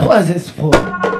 I was his fault.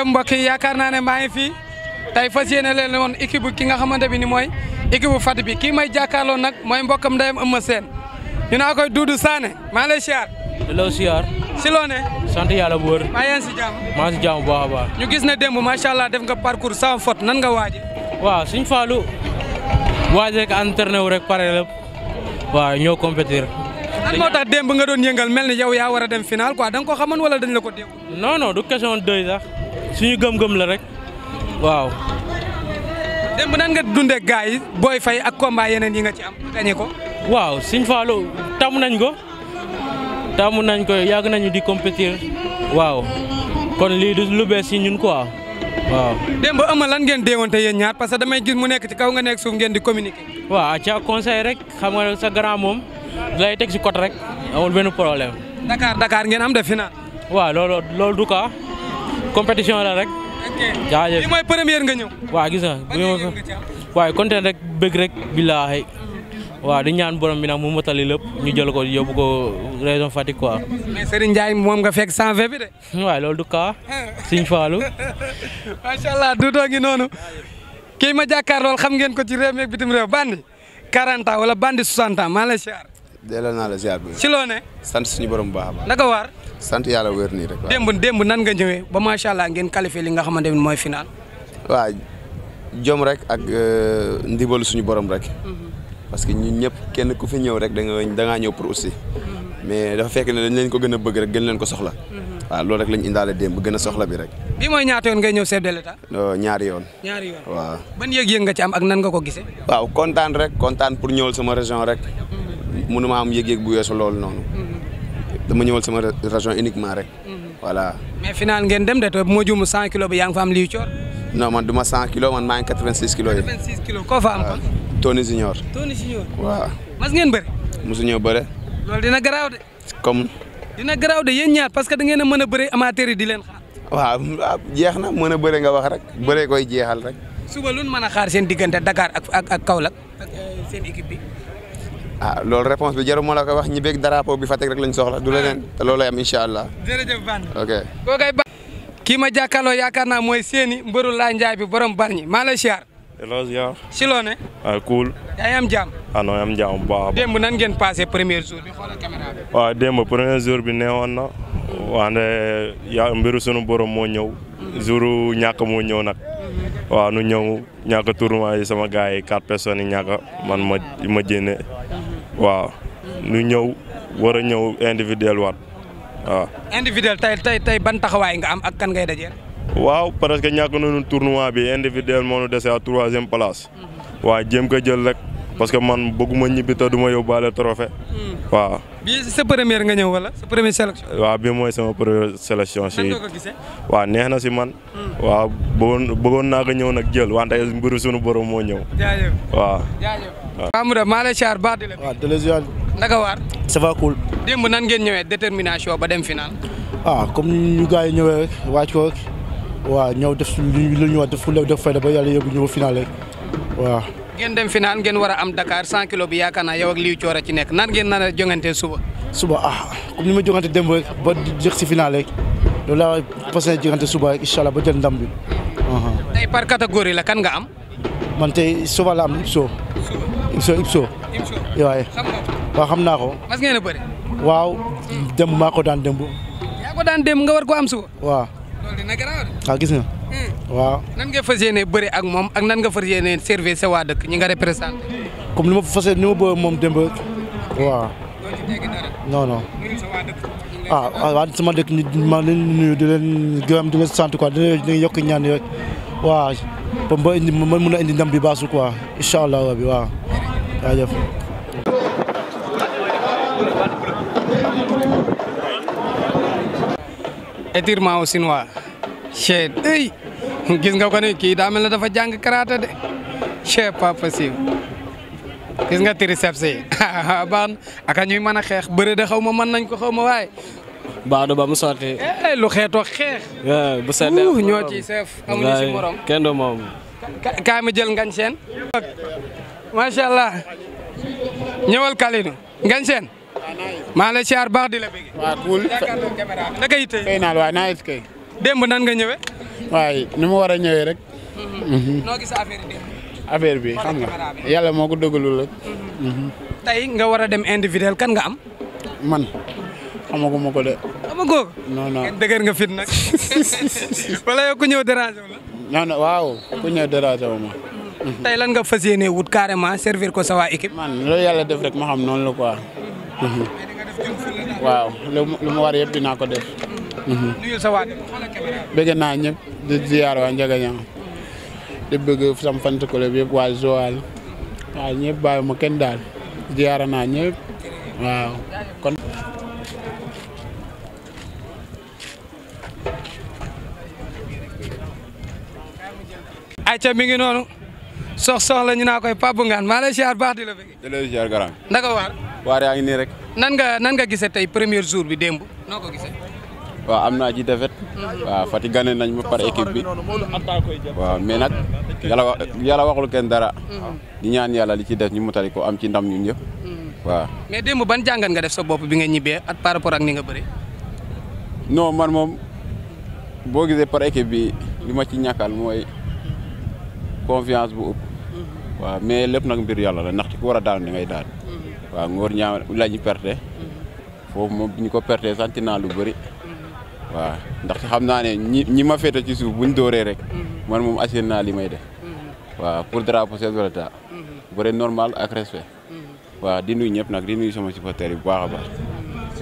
jëm mbokk yaakaar naa ne maa ngi fii tay fas yéene leen woon ki nga xamante bi ni mooy équipe bu bi kii may jàkkaarloo nag mooy mbokkam ndeyam Eumeu Sène ñu naa koy Doudou Sané maa lay siyaar. delloo siyaar. si loo ne. sant yàlla bu wër. maa yéen si jàmm. maa a baax. ñu gis ne démb macha allah def nga parcours sans faute nan nga waajee. waa suñu faalu. waaj rek entraîné wu rek pare la. ñoo compétir. lan moo tax démb nga doon yëngal mel ni yow yaa war a dem final da nga suñu gëm-gëm la rek waaw. démb nan nga dundee gars yi Boy Faye ak combat yeneen yi nga ci am gañe ko. waaw Sëñ Fallou tàmm nañ ko tamu nañ ko yàgg nañu di compétir waaw kon lii du lu bees si ñun quoi waaw. démb ëmb lan ngeen déewante yéen ñaar parce que damay gis mu nekk ci kaw nga nekk suuf ngeen di communiquer. waaw ca conseil rek xam nga sa grand moom lay teg si côté rek amul benn problème. Dakar Dakar ngeen am de final. waaw loolu loolu du cas compétition la rek. ok jaajëf lii mooy nga ñëw. waa gis nga bu ñu waaye kontaan rek bëgg rek billaahi waaw di ñaan borom bi na mu motali lépp ñu jël ko yóbbu ko région Fatick quoi. mais Serigne Ndiaye moom nga fekk 120 bi de. waaye loolu du kaa Serigne Fallou. duutoo ngi noonu kii ma jàkkaar lool xam ngeen ko ci réew mi ak bitim bandi 40 ans wala bandi 60 ans maa ngi lay ziar. delloo suñu borom bu sant yàlla wér nii rek. démb démb nan nga ñëwee ba macha allah ngeen qualifié li nga xamante ne mooy final. waa jom rek ak euh, ndibalu suñu borom rek. Mm-hmm. parce que ñun ñëpp kenn ku fi ñëw rek da nga da ngaa ñëw pour aussi. Mm-hmm. mais dafa fekk ne dañ leen ko gën a bëgg rek gën leen ko soxla. Mm-hmm. waaw loolu rek lañ indaale gën a soxla bi rek. bi mooy ñaata yoon ngay ñëw chef de l'état. ñaari yoon. ñaari yoon waaw. ban yëg-yëg nga ci am ak nan nga ko gisee. waaw kontaan rek kontaan pour ñëwal sama région rek. mënuma am yëg-yëg bu weesu loolu noonu. dama ñëwal sama région uniquement rek. Mhm. voilà. mais final ngeen dem de te bu ma juum 100 kilos bi yaa ngi fa am liy coor. non man du ma 100 kilos man maa ngi 86 kilos yi. 86 kilos koo fa am kon. Tony Junior. Tony Junior. waaw. mas ngeen bëri. mosu ñëw bëre. loolu dina garaaw de. comme. dina garaaw de yéen ñaar parce que da ngeen a mën a bëre amateur di leen xaar. waaw jeex na mën a bëre nga wax rek bëre koy jeexal rek. suba lu mën a xaar seen diggante Dakar ak ak ak euh, seen ah loolu réponse bi jarul ma la ko wax ñi beeg drapeau bi fate rek lañ soxla du leneen te loolu lay am allah. jërëjëf Ban. ok kii ma jàkkaarloo yaakaar naa mooy seeni mbëru laa njaay bi borom Bargny maa lay siyaar. hello ziar. si loone. ah cool. yaa ngi am jàmm. ah non am premier jour bi xoolal caméra ya mbiru sunu borom moo ñëw. jour ñàkk moo ñëw nag. waaw nu ñëw ñàkk tournoi sama gars yi quatre personnes man ma waaw ñu ñëw war a ñëw individuel waat waaw. individuel tey tey tey ban taxawaay nga am ak kan ngay dajeel. waaw parce que ñàkk nañu tournoi bi individuel moo ñu dese à troisième place. Mhm. waaw jéem ko jël rek parce que man bëgguma ñibbi te du ma yóbbaale trophée mhm. waaw. bii sa première nga ñëw wala sa première sélection. waa bii mooy sama première sélection. si waaw neex na si man. Hmm. waaw bëggoon naa ko ñëw nag jël wante mbiru sunu borom moo ñëw. jaajëf waaw. jaajëf. waaw Amadou maa lay siyaar baax di la. waaw télévision. naka waar. nan ngeen ñëwee détermination ba dem final. ah comme ñu gars yi ñëwee rek waaj ko rek ñëw def lu ñu war def fu def fayda ba yàlla final rek ngeen dem final ngeen war a am Dakar 100 kilos bi yaakaar naa yow ak liy coora ci nekk nan ngeen nar a jongante suba. suba ah comme ni ma jongante démb rek ba jëg si final rek loolu laa fas yéene jongante suba rek incha ba jël ndam bi. Uh-huh. tey par catégorie la kan nga am. man tey suba la am Ibso. Ibso Ibso. xam waaw xam naa ko. mas ngeen a bëri. waaw démb maa ko daan démb. yaa daan démb nga war ko am suba. waaw. loolu dina ah, gis nga. waaw nan nga fas yéenee bëri ak moom ak nan nga fas yéenee servir sa waa dëkk ñi nga représenté. comme ni ma fas yéene ni ma bëggoon moom démb waaw. non non. ah waaw sama dëkk ñu maa leen nuyu di leen gërëm di leen sant quoi yokk ñaan rek waaw indi ma mën indi ndam bi baasu quoi incha allah rabi waaw jaajëf. étirement au chinois. chet ey gis nga ko ni kii daamel mel ne dafa jàng karata de c'est pas possible gis nga triceps yi baax na ñuy mën a xeex bëre de xaw ma mën nañ ko xaw ma waaye. baadu ba mu sotti. Eh, lu xeetoo xeex. bu seetee amul ñoo ciy seef amuñu si morom kenn du moom. kaay jël ngañ seen. maa lay siyaar baax di la bëgg. waaw cool. yitte. kay naal nan nga ñëwee. waaye ni mu war a ñëwee rek. Mm-hmm. noo bi. xam nga yàlla moo ko dogalul rek. Mm-hmm. tey nga war a dem individuel kan nga am. man xamaguma ko de. xamagoo ko. non nga fit nag. wala yow ku ñëw déranger la. ma. Mm-hmm. tey nga fas yéenee wut carrément servir ko sa waa équipe. man loolu yàlla def rek ma xam noonu la ko waaw lu mu war yëpp dinaa ko def. nuyul naa ñëpp. di ziar waa Njagaña di bëgg sam fant club yëpp waa Joal waaw ñëpp daal ziar naa ñëpp waaw kon ayca mi ngi noonu sox sox la ñu naa koy Pape Ngane maa baax di la bëgg. da waar. waar yaa ngi nii rek. nan nga nan nga gisee tey premier jour bi démb noo ko gisee. waaw am naa ji defet waaw Fatick nañ ma par équipe bi waaw mais nag yàlla wax yàlla waxul kenn dara di ñaan yàlla li ci def ñu mutali ko am ci ndam ñu ñëpp waaw mais démb ban jàngat nga def sa bopp bi nga ñibbee at par rapport ak ni nga bëri non man moom boo gisee par équipe bi li ma ci ñàkkal mooy confiance bu ëpp waaw mais lépp nag mbir yàlla la ndax ci ko war a daan di ngay daan waaw ngoor ñaa la ñu perte foofu moom bi ñu ko perte santi naa lu bëri waaw ndax xam naa ne ñi ñi ma féete ci suuf buñ dooree rek mhm. man moom assuré naa li may def mhm. waaw pour drapeau chef de l'État normal ak respect mhm. waaw di nuyu ñëpp nag di nuyu sama supporters yi bu baax a baax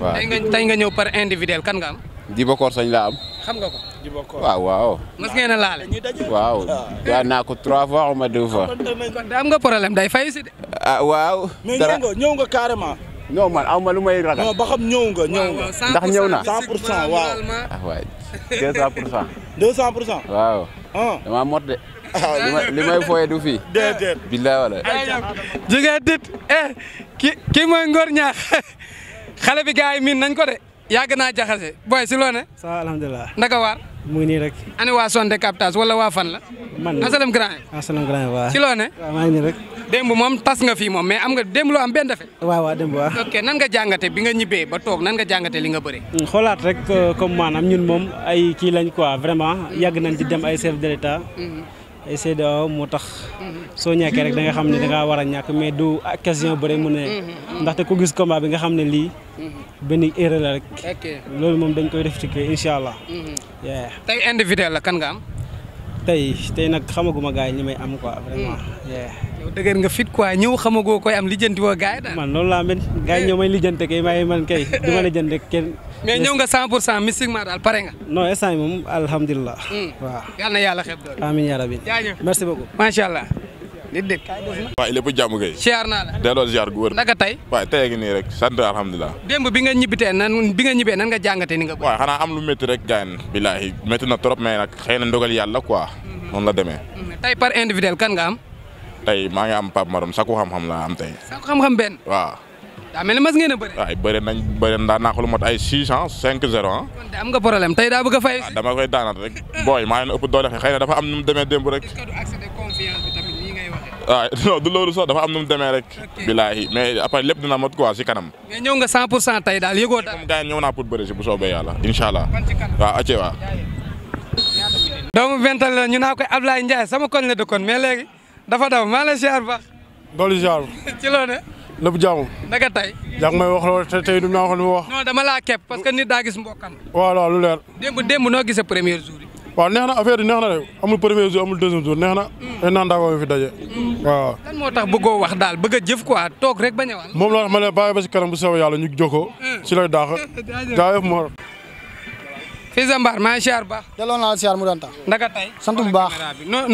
waaw tey nga ñëw par individuel kan nga am Djibo Kor sañ laa am xam nga ko Djibo waaw waaw mas a laale waaw daa naa ko trois fois ma deux fois kon da am nga day fay si de ah, waaw mais ñëw nga nga carrément non man aw ma lu may ragal. non ba xam ñëw nga ñëw nga. ndax ñëw na 100 ah, pour cent waaw. ah waay 200 pour cent. waaw. damaa mot de. Ah, li may du fii. déedéet wala. jigéen dit eh ki ki mooy Ngor Ñaax xale bi gars yi miin nañ ko de yàgg naa jaxase booy si loo ne. waar. mu ngi nii rek. ana waa Sonde captage wala waa fan la. man la asalam grand. asalam grand waaw ci loo ne. waaw maa ngi nii rek. demb moom tas nga fi moom mais am nga démb loo am benn defe. waaw waa démb waaw. ok nan nga jàngate bi nga ñibbee ba toog nan nga jàngate li nga bëri. Hmm, xoolaat rek euh, comme maanaam ñun moom ay kii lañ quoi vraiment yàgg nañ di dem ay chef de ay CEDEAO moo tax soo ñàkkee rek da nga xam ne da war a ñàkk mais du occasion bëre mu ne ndaxte ko gis combat bi nga xam ne lii benn erreur la rek loolu moom dañ koy def ci kii incha allah mhm. yeah tey individuel la kan nga am tey tey nag xamaguma gaa yi ñi may am ko vraiment mhm. dëgër nga fit quoi ñëw xamagoo koy am lijjanti woo gars yi daal. man loolu laa mel gars yi eh. ñoo may lijjante kay may man kay du ma lijjante kenn. mais ñëw nga 100 pour cent mystiquement daal pare nga. non instant yi hmm. na yàlla xeeb doon. amiin yaa rabbi jaajëf merci beaucoup. macha allah. nit de la. delloo siyaar gu wër. naka tey. waaw tey gi nii rek sant alhamdulilah. démb bi nga ñibbitee nan bi nga ñibbee jàngatee ni nga. waaw xanaa am lu métti rek gaañ. billaahi métti na trop mais nag xëy na ndogal yàlla quoi. Hmm. noonu la demee. Hmm. tey par individuel kan nga am. tey maa ngi am Pape Maron sakku xam-xam xam benn. waaw. daa mel ngeen a bëri. waaw bëri nañ bëri daan naa ko lu mot ay 600 5 0 ah. kon am nga problème tey daa bëgg a fay. Ah, dama koy daanaat rek booy maa ngi leen ëpp doole xëy na dafa am nu mu demee démb rek. est du de confiance bi tamit nii ngay waxee. waaw ah, non du loolu sax dafa am nu mu demee rek. bilaahi mais après lépp dina mot quoi si kanam. mais ñëw nga 100 pour cent tey daal yëgoo daal. comme gars yi ñëw naa pour bëri si bu soobee acce waaw. doomu Bental la ñu naa koy Ablaye Ndiaye sama koñ la dëkkoon dafa daw maa ngi lay ziar baax. dolli ziar. ci loo ne. lépp jàmm. tey. yaa ngi wax loolu tey du ma wax lu ma wax. non dama laa képp parce que nit daa gis mbokkam. voilà lu leer. démb démb noo gisee premier jour yi. waaw neex na affaire yi neex na de amul premier jour amul deuxième jour neex na. dañ mm. naan daa daje. Mm. waaw. moo tax bëggoo wax daal bëgg jëf ko quoi toog rek ba a wàll. moom la ma ne bàyyi ba si kanam bu soobee yàlla ñu jokkoo. si mm. lay daax jaajëf Mor. fii Zambar maa ngi siyaar bu baax. delloo naa la siyaar mu doon tax. ndaka tey sant bu baax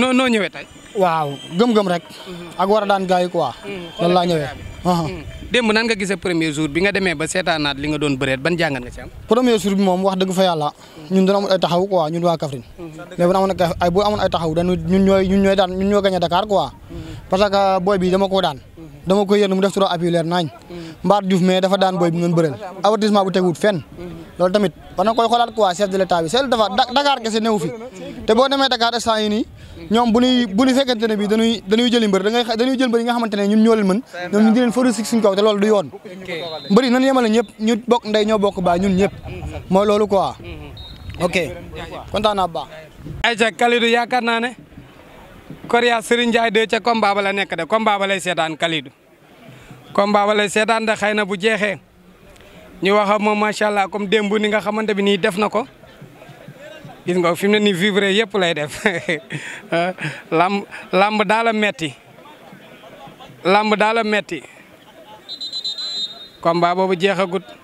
noo noo ñëwee tey. waaw gëm-gëm rek. Mhm. ak war a daan gars yi quoi. Mhm, loolu laa ñëwee. Ah. Hmm. démb nan nga gisee premier jour bi nga demee ba seetaanaat li nga doon bëreet ban jàngat nga ci am premier jour bi moom wax dëgg fa yàlla ñun dana amoon ay taxaw quoi ñun waa Kaffrine hmm. mais bu amoon ay bu amoon ay taxaw dañu ñun ñooy ñun ñooy daan ñun ñoo gagné Dakar quoi hmm. parce que booy bi dama koo daan dama ko yërnu mu def trois appui leer naañ Mbaat Diouf mais dafa daan booy bi noonu bëreel avertissement bu teguwut fenn loolu tamit war na koy xoolaat quoi chef de l'état bi seetlu dafa Dakar kese newu fi te boo demee Dakar instant yi nii ñoom bu ñuy bu ñu fekkente ne bi dañuy dañuy jëli mbër dangay dañuy jël mbër yi nga xamante ne ñun ñoo leen mën ñoom ñu di leen fëru si suñ kaw ñëpp ñu bokk ndey ñoo bokk baa ñun ñëpp moo loolu quoi mm-hmm. ok kontaan naa baax ayca Kalidou yaakaar naa ne Koria Serigne Ndiaye de ca combat ba la nekk de combat ba lay seetaan Kalidou combat ba lay seetaan da xëy na bu jeexee ñu waxam ak moom macha allah comme démb ni nga xamante bi nii def na ko gis nga fi mu ne nii vivre yëpp lay def ah, lamb lamb daal metti lamb daal a metti combat boobu jeexagut.